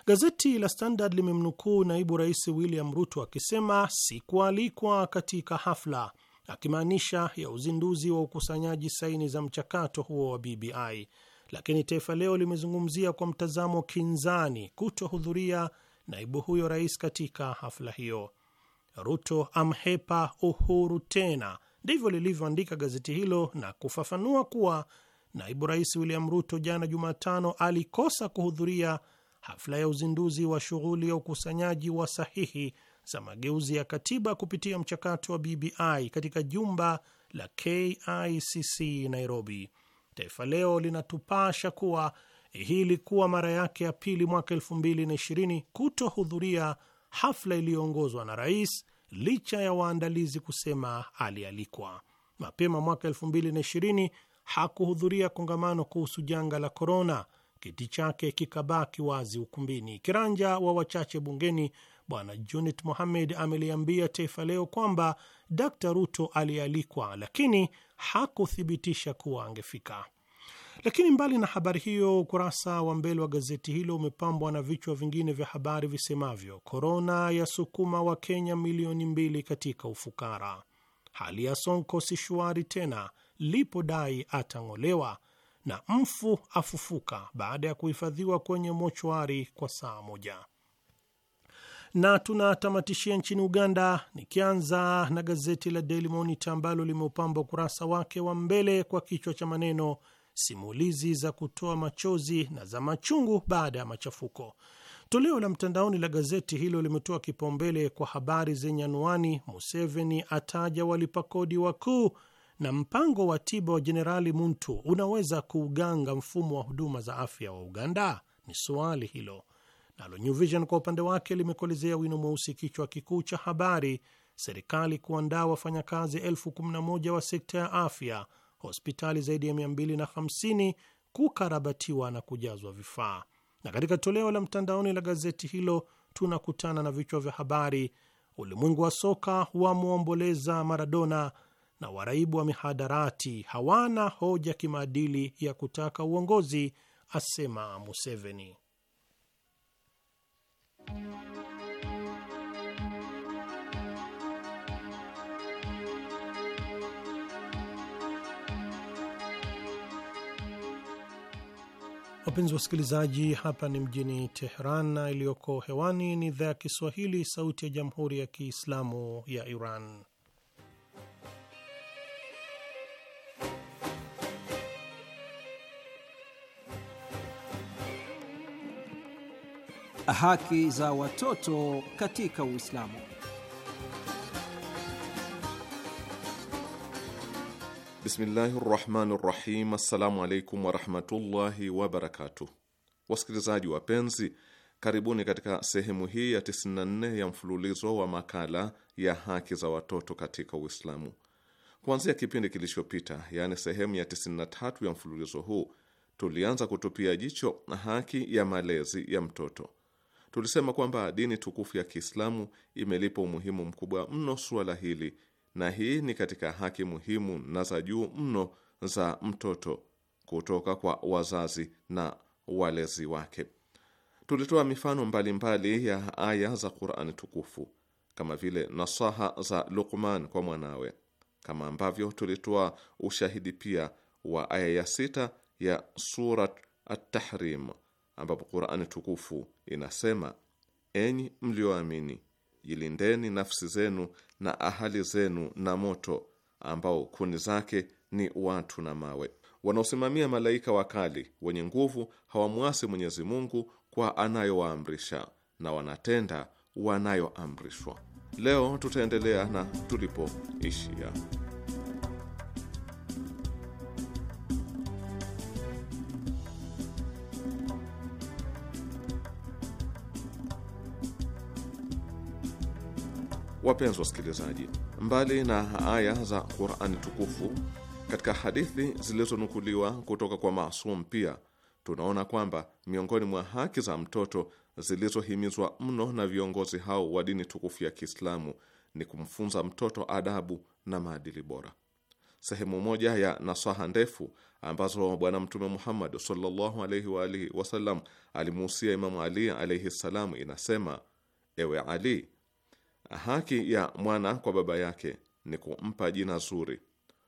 Gazeti la Standard limemnukuu naibu rais William Ruto akisema sikualikwa katika hafla, akimaanisha ya uzinduzi wa ukusanyaji saini za mchakato huo wa BBI. Lakini Taifa Leo limezungumzia kwa mtazamo kinzani kutohudhuria naibu huyo rais katika hafla hiyo. Ruto amhepa Uhuru tena, ndivyo lilivyoandika gazeti hilo na kufafanua kuwa naibu rais William Ruto jana Jumatano alikosa kuhudhuria hafla ya uzinduzi wa shughuli ya ukusanyaji wa sahihi za mageuzi ya katiba kupitia mchakato wa BBI katika jumba la KICC Nairobi. Taifa Leo linatupasha kuwa hii ilikuwa mara yake ya pili mwaka 2020 kutohudhuria hafla iliyoongozwa na rais licha ya waandalizi kusema alialikwa. Mapema mwaka hakuhudhuria kongamano kuhusu janga la korona, kiti chake kikabaki wazi ukumbini. Kiranja wa wachache bungeni Bwana Junit Mohamed ameliambia Taifa Leo kwamba d Ruto alialikwa lakini hakuthibitisha kuwa angefika. Lakini mbali na habari hiyo, ukurasa wa mbele wa gazeti hilo umepambwa na vichwa vingine vya habari visemavyo: korona ya sukuma wa Kenya milioni mbili katika ufukara, hali ya Sonko si shwari tena, lipo dai atang'olewa na mfu afufuka baada ya kuhifadhiwa kwenye mochwari kwa saa moja. Na tunatamatishia nchini Uganda, nikianza na gazeti la Daily Monitor ambalo limeupamba ukurasa wake wa mbele kwa kichwa cha maneno simulizi za kutoa machozi na za machungu baada ya machafuko. Toleo la mtandaoni la gazeti hilo limetoa kipaumbele kwa habari zenye anwani Museveni ataja walipa kodi wakuu na mpango wa tiba wa Jenerali Muntu unaweza kuuganga mfumo wa huduma za afya wa Uganda? Ni suali hilo. Nalo New Vision kwa upande wake limekolezea wino mweusi kichwa kikuu cha habari, serikali kuandaa wafanyakazi elfu kumi na moja wa sekta ya afya, hospitali zaidi ya 250 kukarabatiwa na kujazwa vifaa. Na katika toleo la mtandaoni la gazeti hilo tunakutana na vichwa vya habari: ulimwengu wa soka wamwomboleza Maradona na waraibu wa mihadarati hawana hoja kimaadili ya kutaka uongozi, asema Museveni. Wapenzi wasikilizaji, hapa ni mjini Teheran na iliyoko hewani ni idhaa ya Kiswahili, Sauti ya Jamhuri ya Kiislamu ya Iran. Haki za watoto katika Uislamu. Bismillahi rahmani rahim. Assalamu alaikum warahmatullahi wabarakatuh. Wasikilizaji wapenzi, karibuni katika sehemu hii ya 94 ya mfululizo wa makala ya haki za watoto katika Uislamu. Kuanzia kipindi kilichopita, yaani sehemu ya 93 ya mfululizo huu, tulianza kutupia jicho haki ya malezi ya mtoto Tulisema kwamba dini tukufu ya Kiislamu imelipa umuhimu mkubwa mno suala hili, na hii ni katika haki muhimu na za juu mno za mtoto kutoka kwa wazazi na walezi wake. Tulitoa mifano mbalimbali mbali ya aya za Qur'ani tukufu kama vile nasaha za Luqman kwa mwanawe, kama ambavyo tulitoa ushahidi pia wa aya ya sita ya sura At-Tahrim ambapo Qur'ani tukufu inasema: enyi mlioamini, jilindeni nafsi zenu na ahali zenu na moto ambao kuni zake ni watu na mawe. Wanaosimamia malaika wakali wenye nguvu hawamwasi Mwenyezi Mungu kwa anayowaamrisha na wanatenda wanayoamrishwa. Leo tutaendelea na tulipoishia. Wapenzi wasikilizaji, mbali na aya za Qurani tukufu katika hadithi zilizonukuliwa kutoka kwa masum pia tunaona kwamba miongoni mwa haki za mtoto zilizohimizwa mno na viongozi hao wa dini tukufu ya Kiislamu ni kumfunza mtoto adabu na maadili bora. Sehemu moja ya nasaha ndefu ambazo Bwana Mtume Muhammad sallallahu alaihi wa alihi wasallam alimuhusia Imamu Ali alaihi salam inasema: ewe Ali, Haki ya mwana kwa baba yake ni kumpa jina zuri,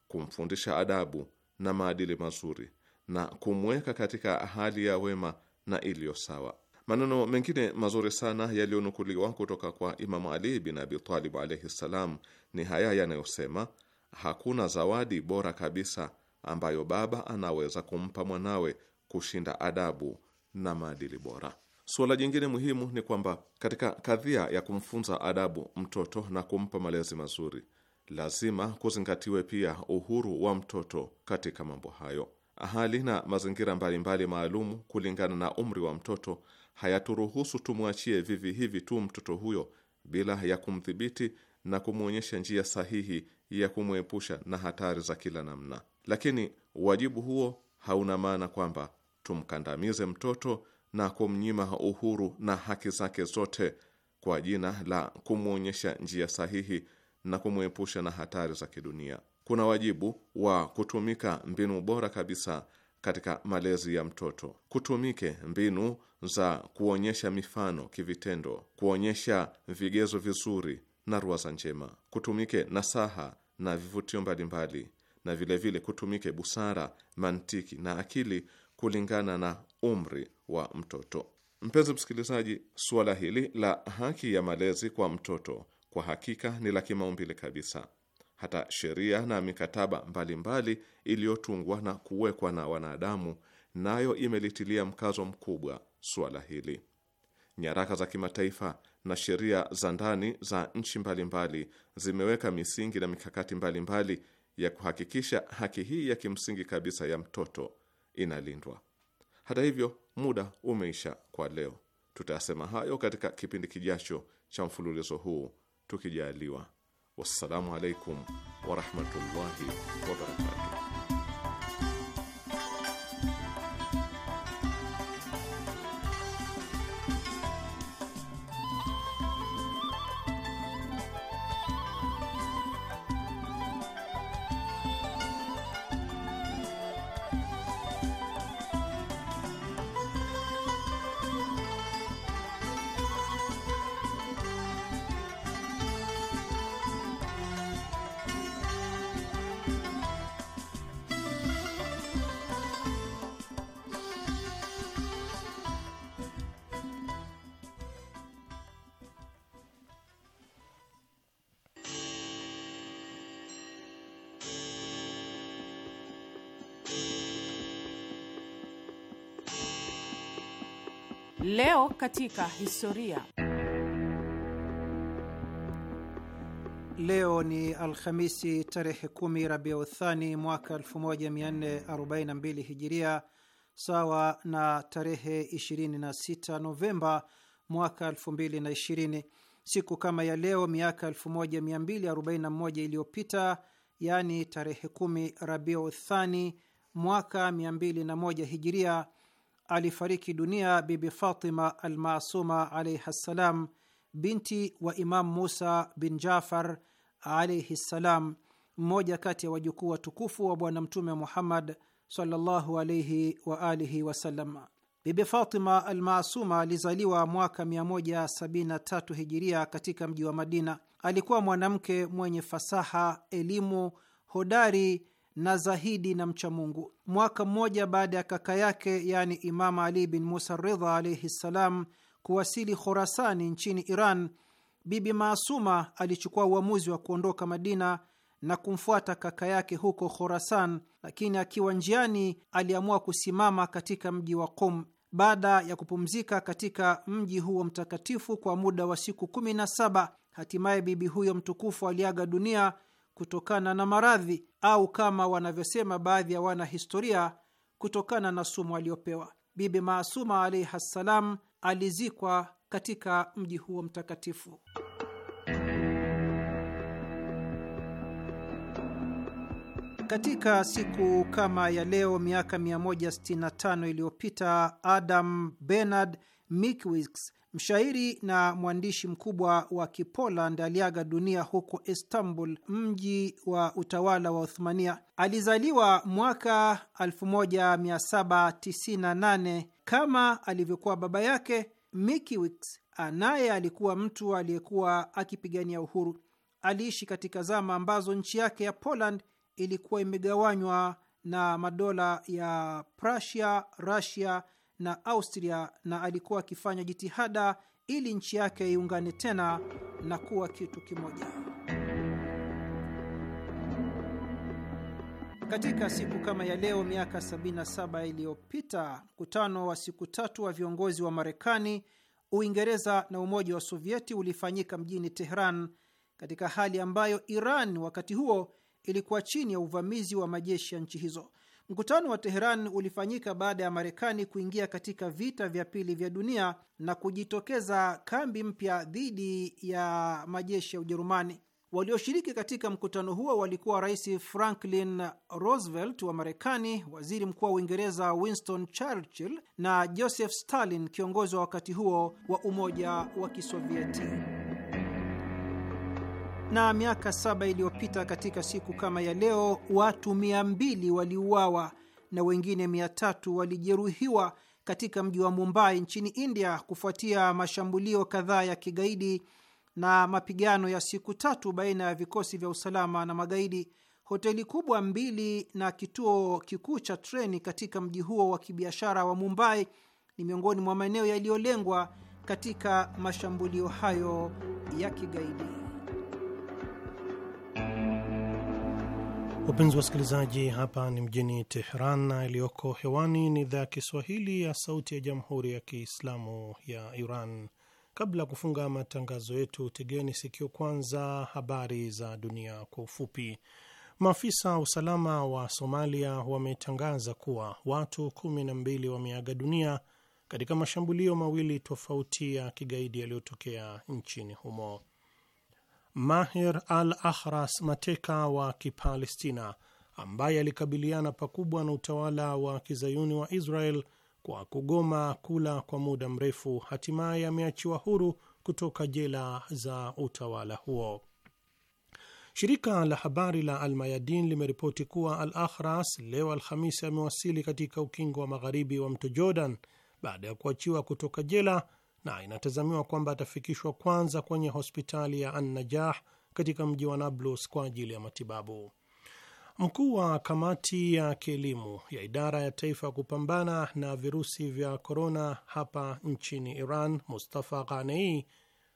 kumfundisha adabu na maadili mazuri na kumweka katika hali ya wema na iliyo sawa. Maneno mengine mazuri sana yaliyonukuliwa kutoka kwa Imamu Ali bin Abi Talib alaihi ssalam ni haya yanayosema, hakuna zawadi bora kabisa ambayo baba anaweza kumpa mwanawe kushinda adabu na maadili bora. Suala jingine muhimu ni kwamba katika kadhia ya kumfunza adabu mtoto na kumpa malezi mazuri, lazima kuzingatiwe pia uhuru wa mtoto katika mambo hayo. Hali na mazingira mbalimbali maalumu kulingana na umri wa mtoto hayaturuhusu tumwachie vivi hivi tu mtoto huyo bila ya kumdhibiti na kumwonyesha njia sahihi ya kumwepusha na hatari za kila namna. Lakini wajibu huo hauna maana kwamba tumkandamize mtoto na kumnyima uhuru na haki zake zote kwa jina la kumwonyesha njia sahihi na kumwepusha na hatari za kidunia. Kuna wajibu wa kutumika mbinu bora kabisa katika malezi ya mtoto. Kutumike mbinu za kuonyesha mifano kivitendo, kuonyesha vigezo vizuri na ruwaza njema. Kutumike nasaha na vivutio mbalimbali, na vilevile vile kutumike busara, mantiki na akili kulingana na umri wa mtoto. Mpenzi msikilizaji, suala hili la haki ya malezi kwa mtoto kwa hakika ni la kimaumbile kabisa. Hata sheria na mikataba mbalimbali iliyotungwa na kuwekwa na wanadamu nayo imelitilia mkazo mkubwa suala hili. Nyaraka za kimataifa na sheria za ndani za nchi mbalimbali zimeweka misingi na mikakati mbalimbali ya kuhakikisha haki hii ya kimsingi kabisa ya mtoto inalindwa. Hata hivyo, muda umeisha kwa leo. Tutayasema hayo katika kipindi kijacho cha mfululizo huu tukijaliwa. Wassalamu alaikum warahmatullahi wabarakatuh. Leo katika historia. Leo ni Alhamisi tarehe kumi Rabiu Thani mwaka 1442 Hijiria, sawa na tarehe 26 Novemba mwaka 2020. Siku kama ya leo miaka 1241 iliyopita, yaani tarehe kumi Rabiu Thani mwaka 201 Hijiria alifariki dunia Bibi Fatima Almasuma alaihi ssalam, binti wa Imam Musa bin Jafar alaihi ssalam, mmoja kati ya wajukuu watukufu wa Bwana Mtume Muhammad sallallahu alaihi wa alihi wasallam. Bibi Fatima Almasuma alizaliwa mwaka 173 hijiria katika mji wa Madina. Alikuwa mwanamke mwenye fasaha, elimu, hodari na zahidi na mcha Mungu. Mwaka mmoja baada ya kaka yake yaani Imam Ali bin Musa Ridha alaihi ssalam kuwasili Khorasani nchini Iran, Bibi Maasuma alichukua uamuzi wa kuondoka Madina na kumfuata kaka yake huko Khorasan, lakini akiwa njiani aliamua kusimama katika mji wa Qum. Baada ya kupumzika katika mji huo mtakatifu kwa muda wa siku kumi na saba, hatimaye bibi huyo mtukufu aliaga dunia kutokana na maradhi au kama wanavyosema baadhi ya wanahistoria, kutokana na sumu aliyopewa. Bibi Maasuma alaihi ssalam alizikwa katika mji huo mtakatifu. Katika siku kama ya leo miaka 165 iliyopita Adam Bernard Mickiewicz Mshairi na mwandishi mkubwa wa Kipoland aliaga dunia huko Istanbul, mji wa utawala wa Uthmania. Alizaliwa mwaka 1798 kama alivyokuwa baba yake Mickiewicz, naye alikuwa mtu aliyekuwa akipigania uhuru. Aliishi katika zama ambazo nchi yake ya Poland ilikuwa imegawanywa na madola ya Prussia, Russia na Austria na alikuwa akifanya jitihada ili nchi yake iungane tena na kuwa kitu kimoja. Katika siku kama ya leo miaka 77 iliyopita, mkutano wa siku tatu wa viongozi wa Marekani, Uingereza na Umoja wa Sovieti ulifanyika mjini Tehran katika hali ambayo Iran wakati huo ilikuwa chini ya uvamizi wa majeshi ya nchi hizo. Mkutano wa Teheran ulifanyika baada ya Marekani kuingia katika vita vya pili vya dunia na kujitokeza kambi mpya dhidi ya majeshi ya Ujerumani. Walioshiriki katika mkutano huo walikuwa Rais Franklin Roosevelt wa Marekani, Waziri Mkuu wa Uingereza Winston Churchill na Joseph Stalin, kiongozi wa wakati huo wa Umoja wa Kisovieti na miaka saba iliyopita katika siku kama ya leo watu mia mbili waliuawa na wengine mia tatu walijeruhiwa katika mji wa Mumbai nchini India kufuatia mashambulio kadhaa ya kigaidi na mapigano ya siku tatu baina ya vikosi vya usalama na magaidi. Hoteli kubwa mbili na kituo kikuu cha treni katika mji huo wa kibiashara wa Mumbai ni miongoni mwa maeneo yaliyolengwa katika mashambulio hayo ya kigaidi. Wapenzi wa wasikilizaji, hapa ni mjini Teheran na iliyoko hewani ni idhaa ya Kiswahili ya Sauti ya Jamhuri ya Kiislamu ya Iran. Kabla ya kufunga matangazo yetu, tegeni sikio kwanza habari za dunia kwa ufupi. Maafisa usalama wa Somalia wametangaza kuwa watu kumi na mbili wameaga dunia katika mashambulio mawili tofauti ya kigaidi yaliyotokea nchini humo. Maher al-Ahras, mateka wa Kipalestina ambaye alikabiliana pakubwa na utawala wa kizayuni wa Israel kwa kugoma kula kwa muda mrefu, hatimaye ameachiwa huru kutoka jela za utawala huo. Shirika la habari la Almayadin limeripoti kuwa Al Ahras leo Alhamisi amewasili katika ukingo wa magharibi wa mto Jordan baada ya kuachiwa kutoka jela na inatazamiwa kwamba atafikishwa kwanza kwenye hospitali ya Annajah katika mji wa Nablus kwa ajili ya matibabu. Mkuu wa kamati ya kielimu ya idara ya taifa ya kupambana na virusi vya korona hapa nchini Iran, Mustafa Ghanei,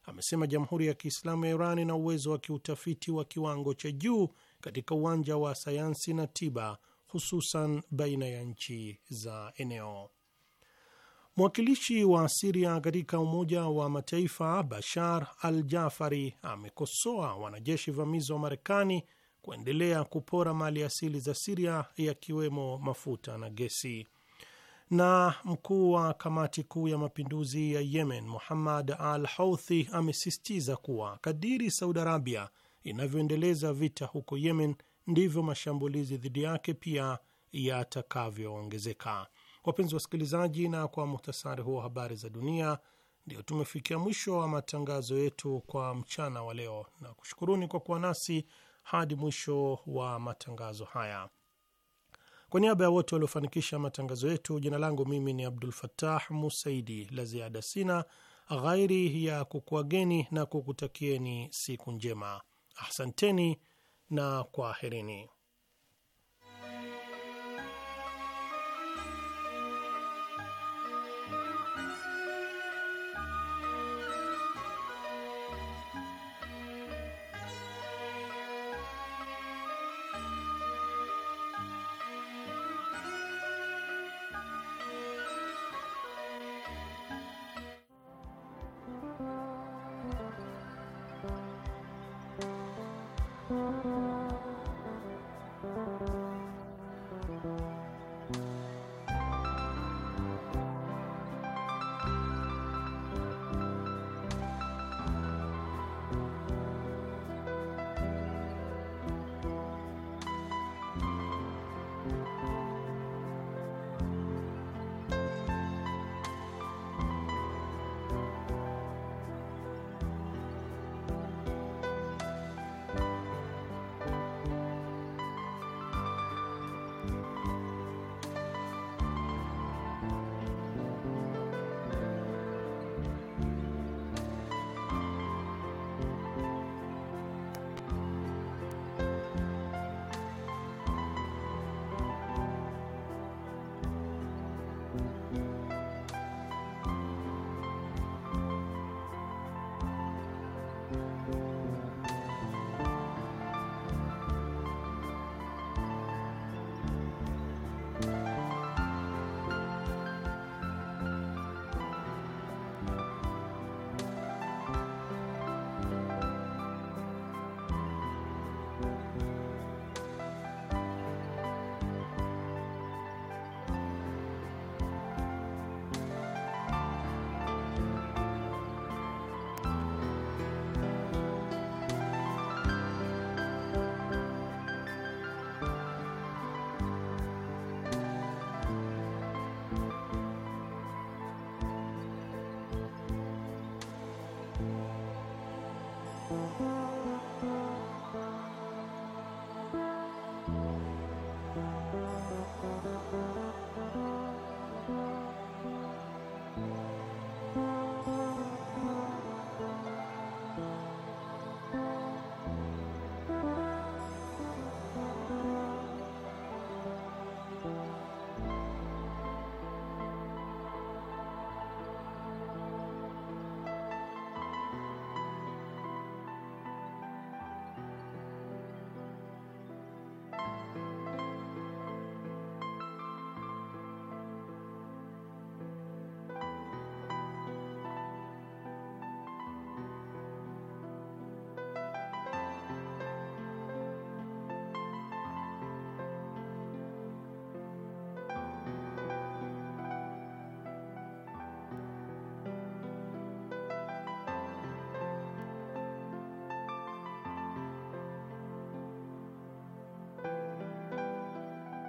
amesema Jamhuri ya Kiislamu ya Iran ina uwezo wa kiutafiti wa kiwango cha juu katika uwanja wa sayansi na tiba, hususan baina ya nchi za eneo. Mwakilishi wa Siria katika Umoja wa Mataifa Bashar al Jafari amekosoa wanajeshi vamizi wa Marekani kuendelea kupora mali asili za Siria yakiwemo mafuta na gesi. Na mkuu wa kamati kuu ya mapinduzi ya Yemen Muhammad al Houthi amesisitiza kuwa kadiri Saudi Arabia inavyoendeleza vita huko Yemen ndivyo mashambulizi dhidi yake pia yatakavyoongezeka. Wapenzi wasikilizaji, na kwa muhtasari huo habari za dunia, ndio tumefikia mwisho wa matangazo yetu kwa mchana wa leo, na kushukuruni kwa kuwa nasi hadi mwisho wa matangazo haya. Kwa niaba ya wote waliofanikisha matangazo yetu, jina langu mimi ni Abdul fatah Musaidi. La ziada sina ghairi ya kukuageni na kukutakieni siku njema. Ahsanteni na kwaherini.